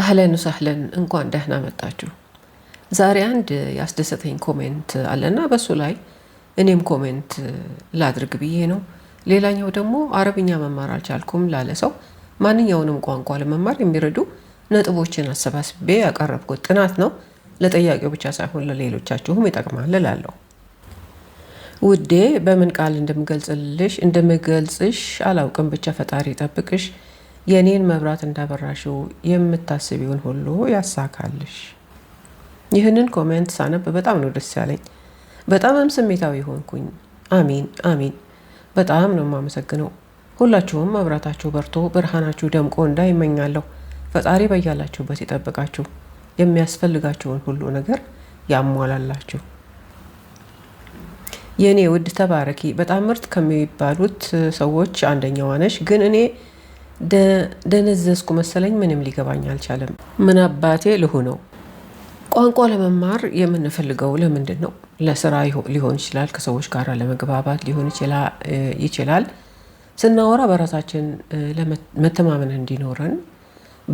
አህለን ሳህለን እንኳን ደህና መጣችሁ። ዛሬ አንድ ያስደሰተኝ ኮሜንት አለና በሱ ላይ እኔም ኮሜንት ላድርግ ብዬ ነው። ሌላኛው ደግሞ አረብኛ መማር አልቻልኩም ላለ ሰው ማንኛውንም ቋንቋ ለመማር የሚረዱ ነጥቦችን አሰባስቤ ያቀረብኩት ጥናት ነው። ለጠያቂው ብቻ ሳይሆን ለሌሎቻችሁም ይጠቅማል እላለሁ። ውዴ፣ በምን ቃል እንደምገልጽልሽ እንደምገልጽሽ አላውቅም። ብቻ ፈጣሪ ይጠብቅሽ የኔን መብራት እንዳበራሽው የምታስቢውን ሁሉ ያሳካልሽ። ይህንን ኮሜንት ሳነብ በጣም ነው ደስ ያለኝ። በጣምም ስሜታዊ ሆንኩኝ። አሚን አሚን። በጣም ነው የማመሰግነው። ሁላችሁም መብራታችሁ በርቶ ብርሃናችሁ ደምቆ እንዳይ ይመኛለሁ። ፈጣሪ በያላችሁበት ይጠብቃችሁ፣ የሚያስፈልጋችሁን ሁሉ ነገር ያሟላላችሁ። የእኔ ውድ ተባረኪ፣ በጣም ምርጥ ከሚባሉት ሰዎች አንደኛዋ ነሽ። ግን እኔ ደነዘዝኩ መሰለኝ። ምንም ሊገባኝ አልቻለም። ምን አባቴ ልሁ ነው? ቋንቋ ለመማር የምንፈልገው ለምንድን ነው? ለስራ ሊሆን ይችላል፣ ከሰዎች ጋር ለመግባባት ሊሆን ይችላል። ስናወራ በራሳችን መተማመን እንዲኖረን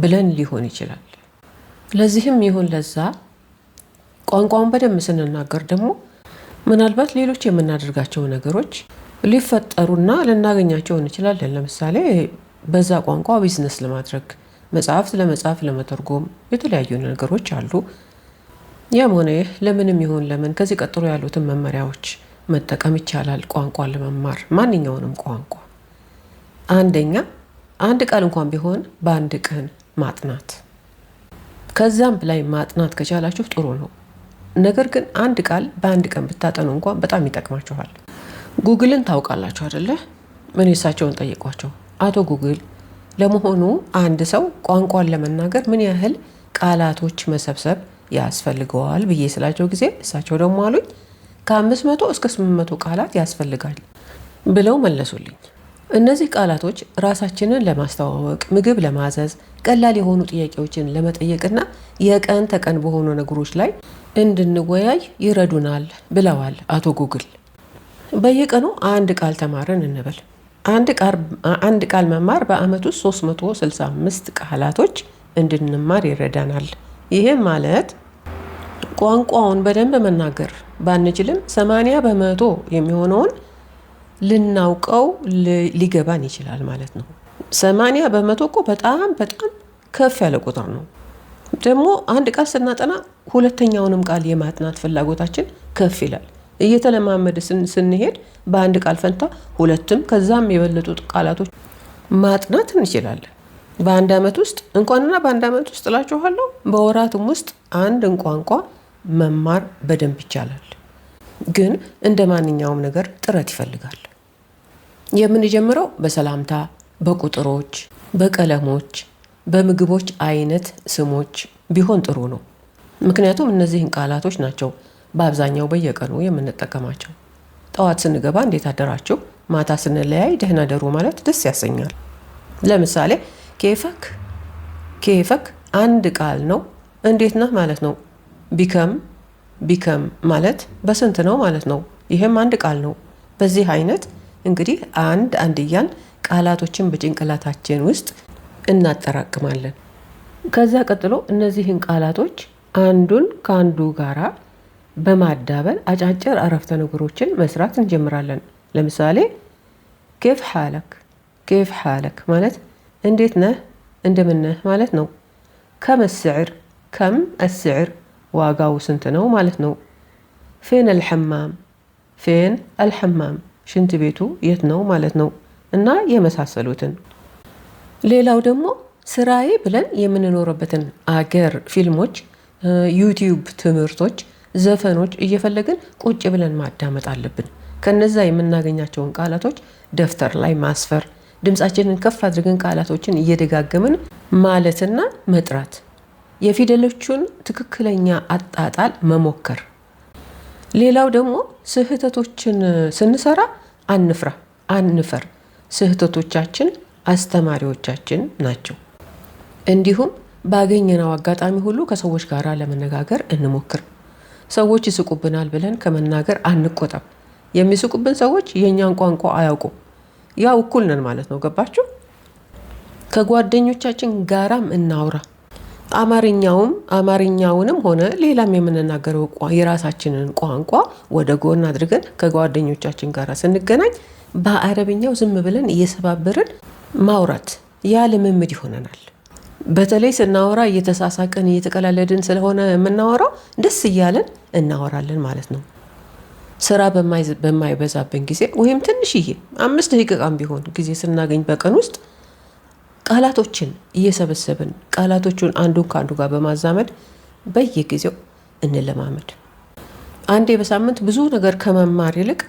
ብለን ሊሆን ይችላል። ለዚህም ይሁን ለዛ ቋንቋውን በደንብ ስንናገር ደግሞ ምናልባት ሌሎች የምናደርጋቸው ነገሮች ሊፈጠሩና ልናገኛቸው እንችላለን። ለምሳሌ በዛ ቋንቋ ቢዝነስ ለማድረግ መጽሐፍት ለመጻፍ ለመተርጎም የተለያዩ ነገሮች አሉ። ያም ሆነ ይህ ለምንም ይሁን ለምን ከዚህ ቀጥሎ ያሉትን መመሪያዎች መጠቀም ይቻላል። ቋንቋ ለመማር ማንኛውንም ቋንቋ አንደኛ አንድ ቃል እንኳን ቢሆን በአንድ ቀን ማጥናት ከዛም ላይ ማጥናት ከቻላችሁ ጥሩ ነው። ነገር ግን አንድ ቃል በአንድ ቀን ብታጠኑ እንኳን በጣም ይጠቅማችኋል። ጉግልን ታውቃላችሁ አደለ? እኔ እሳቸውን ጠይቋቸው አቶ ጉግል፣ ለመሆኑ አንድ ሰው ቋንቋን ለመናገር ምን ያህል ቃላቶች መሰብሰብ ያስፈልገዋል ብዬ ስላቸው ጊዜ እሳቸው ደግሞ አሉኝ ከ መቶ እስከ 800 ቃላት ያስፈልጋል ብለው መለሱልኝ። እነዚህ ቃላቶች ራሳችንን ለማስተዋወቅ፣ ምግብ ለማዘዝ፣ ቀላል የሆኑ ጥያቄዎችን ለመጠየቅና የቀን ተቀን በሆኑ ነገሮች ላይ እንድንወያይ ይረዱናል ብለዋል አቶ ጉግል። በየቀኑ አንድ ቃል ተማርን እንበል። አንድ ቃል መማር በአመት ውስጥ 365 ቃላቶች እንድንማር ይረዳናል። ይህም ማለት ቋንቋውን በደንብ መናገር ባንችልም 80 በመቶ የሚሆነውን ልናውቀው ሊገባን ይችላል ማለት ነው። 80 በመቶ እኮ በጣም በጣም ከፍ ያለ ቁጥር ነው። ደግሞ አንድ ቃል ስናጠና ሁለተኛውንም ቃል የማጥናት ፍላጎታችን ከፍ ይላል። እየተለማመደ ስንሄድ በአንድ ቃል ፈንታ ሁለትም ከዛም የበለጡ ቃላቶች ማጥናት እንችላለን። በአንድ ዓመት ውስጥ እንኳንና በአንድ ዓመት ውስጥ እላችኋለሁ፣ በወራትም ውስጥ አንድን ቋንቋ መማር በደንብ ይቻላል። ግን እንደ ማንኛውም ነገር ጥረት ይፈልጋል። የምንጀምረው በሰላምታ፣ በቁጥሮች፣ በቀለሞች፣ በምግቦች አይነት ስሞች ቢሆን ጥሩ ነው። ምክንያቱም እነዚህን ቃላቶች ናቸው በአብዛኛው በየቀኑ የምንጠቀማቸው። ጠዋት ስንገባ እንዴት አደራችሁ፣ ማታ ስንለያይ ደህና ደሩ ማለት ደስ ያሰኛል። ለምሳሌ ኬፈክ ኬፈክ አንድ ቃል ነው፣ እንዴት ነህ ማለት ነው። ቢከም ቢከም ማለት በስንት ነው ማለት ነው። ይህም አንድ ቃል ነው። በዚህ አይነት እንግዲህ አንድ አንድያን ቃላቶችን በጭንቅላታችን ውስጥ እናጠራቅማለን። ከዛ ቀጥሎ እነዚህን ቃላቶች አንዱን ከአንዱ ጋራ በማዳበል አጫጭር አረፍተ ነገሮችን መስራት እንጀምራለን። ለምሳሌ ኬፍ ሓለክ፣ ኬፍ ሓለክ ማለት እንዴት ነህ፣ እንደምነህ ማለት ነው። ከም አስዕር፣ ከም አስዕር ዋጋው ስንት ነው ማለት ነው። ፌን አልሐማም፣ ፌን አልሐማም ሽንት ቤቱ የት ነው ማለት ነው። እና የመሳሰሉትን ሌላው ደግሞ ስራዬ ብለን የምንኖርበትን አገር ፊልሞች፣ ዩቲዩብ ትምህርቶች ዘፈኖች እየፈለግን ቁጭ ብለን ማዳመጥ አለብን። ከነዛ የምናገኛቸውን ቃላቶች ደብተር ላይ ማስፈር፣ ድምፃችንን ከፍ አድርገን ቃላቶችን እየደጋገምን ማለትና መጥራት፣ የፊደሎቹን ትክክለኛ አጣጣል መሞከር። ሌላው ደግሞ ስህተቶችን ስንሰራ አንፍራ፣ አንፈር። ስህተቶቻችን አስተማሪዎቻችን ናቸው። እንዲሁም ባገኘነው አጋጣሚ ሁሉ ከሰዎች ጋር ለመነጋገር እንሞክር። ሰዎች ይስቁብናል ብለን ከመናገር አንቆጠብ። የሚስቁብን ሰዎች የእኛን ቋንቋ አያውቁም። ያው እኩል ነን ማለት ነው። ገባችሁ? ከጓደኞቻችን ጋራም እናውራ። አማርኛውም አማርኛውንም ሆነ ሌላም የምንናገረው የራሳችንን ቋንቋ ወደ ጎን አድርገን ከጓደኞቻችን ጋር ስንገናኝ በአረብኛው ዝም ብለን እየሰባበርን ማውራት ያ ልምምድ ይሆነናል። በተለይ ስናወራ እየተሳሳቅን እየተቀላለድን ስለሆነ የምናወራው ደስ እያለን እናወራለን ማለት ነው። ስራ በማይበዛብን ጊዜ ወይም ትንሽዬ አምስት ደቂቃም ቢሆን ጊዜ ስናገኝ በቀን ውስጥ ቃላቶችን እየሰበሰብን ቃላቶቹን አንዱን ከአንዱ ጋር በማዛመድ በየጊዜው እንለማመድ። አንዴ በሳምንት ብዙ ነገር ከመማር ይልቅ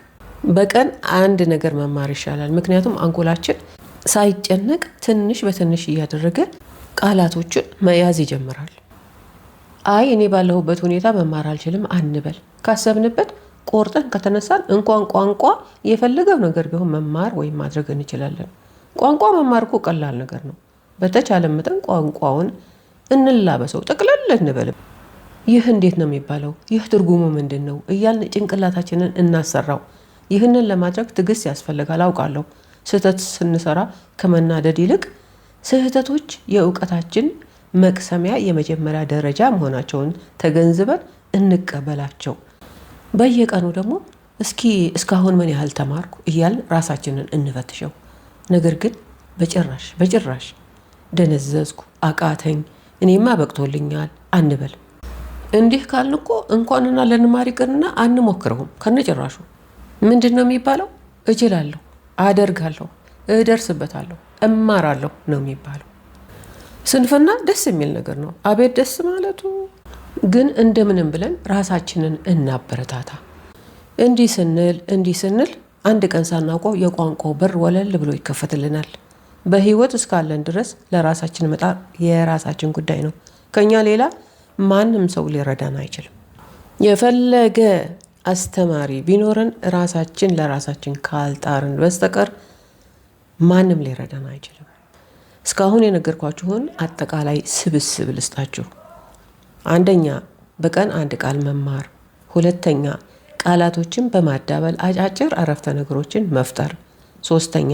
በቀን አንድ ነገር መማር ይሻላል። ምክንያቱም አንጎላችን ሳይጨነቅ ትንሽ በትንሽ እያደረገ ቃላቶችን መያዝ ይጀምራል። አይ እኔ ባለሁበት ሁኔታ መማር አልችልም አንበል። ካሰብንበት ቆርጠን ከተነሳን እንኳን ቋንቋ የፈለገው ነገር ቢሆን መማር ወይም ማድረግ እንችላለን። ቋንቋ መማር እኮ ቀላል ነገር ነው። በተቻለ መጠን ቋንቋውን እንላበሰው፣ ጠቅለል እንበል። ይህ እንዴት ነው የሚባለው? ይህ ትርጉሙ ምንድን ነው? እያልን ጭንቅላታችንን እናሰራው። ይህንን ለማድረግ ትዕግስት ያስፈልጋል አውቃለሁ። ስህተት ስንሰራ ከመናደድ ይልቅ ስህተቶች የእውቀታችን መቅሰሚያ የመጀመሪያ ደረጃ መሆናቸውን ተገንዝበን እንቀበላቸው። በየቀኑ ደግሞ እስኪ እስካሁን ምን ያህል ተማርኩ እያል ራሳችንን እንፈትሸው። ነገር ግን በጭራሽ በጭራሽ ደነዘዝኩ፣ አቃተኝ፣ እኔማ በቅቶልኛል አንበል። እንዲህ ካልን እኮ እንኳንና ለንማር ይቅርና አንሞክረውም ከነጭራሹ። ምንድን ነው የሚባለው? እችላለሁ፣ አደርጋለሁ፣ እደርስበታለሁ እማራለሁ ነው የሚባለው። ስንፍና ደስ የሚል ነገር ነው። አቤት ደስ ማለቱ ግን እንደምንም ብለን ራሳችንን እናበረታታ። እንዲህ ስንል እንዲህ ስንል አንድ ቀን ሳናውቀው የቋንቋው በር ወለል ብሎ ይከፈትልናል። በህይወት እስካለን ድረስ ለራሳችን መጣር የራሳችን ጉዳይ ነው። ከኛ ሌላ ማንም ሰው ሊረዳን አይችልም። የፈለገ አስተማሪ ቢኖረን ራሳችን ለራሳችን ካልጣርን በስተቀር ማንም ሊረዳን አይችልም። እስካሁን የነገርኳችሁን አጠቃላይ ስብስብ ልስጣችሁ። አንደኛ በቀን አንድ ቃል መማር፣ ሁለተኛ ቃላቶችን በማዳበል አጫጭር አረፍተ ነገሮችን መፍጠር፣ ሶስተኛ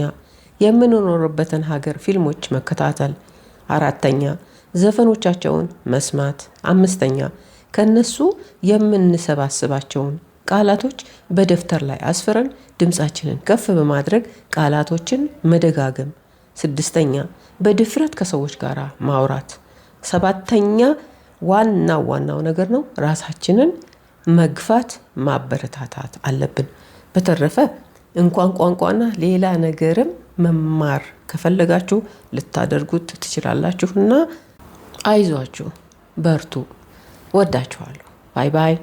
የምንኖርበትን ሀገር ፊልሞች መከታተል፣ አራተኛ ዘፈኖቻቸውን መስማት፣ አምስተኛ ከነሱ የምንሰባስባቸውን ቃላቶች በደብተር ላይ አስፍረን ድምፃችንን ከፍ በማድረግ ቃላቶችን መደጋገም። ስድስተኛ በድፍረት ከሰዎች ጋር ማውራት። ሰባተኛ ዋና ዋናው ነገር ነው፣ ራሳችንን መግፋት ማበረታታት አለብን። በተረፈ እንኳን ቋንቋና ሌላ ነገርም መማር ከፈለጋችሁ ልታደርጉት ትችላላችሁና አይዟችሁ፣ በርቱ። ወዳችኋለሁ። ባይ ባይ።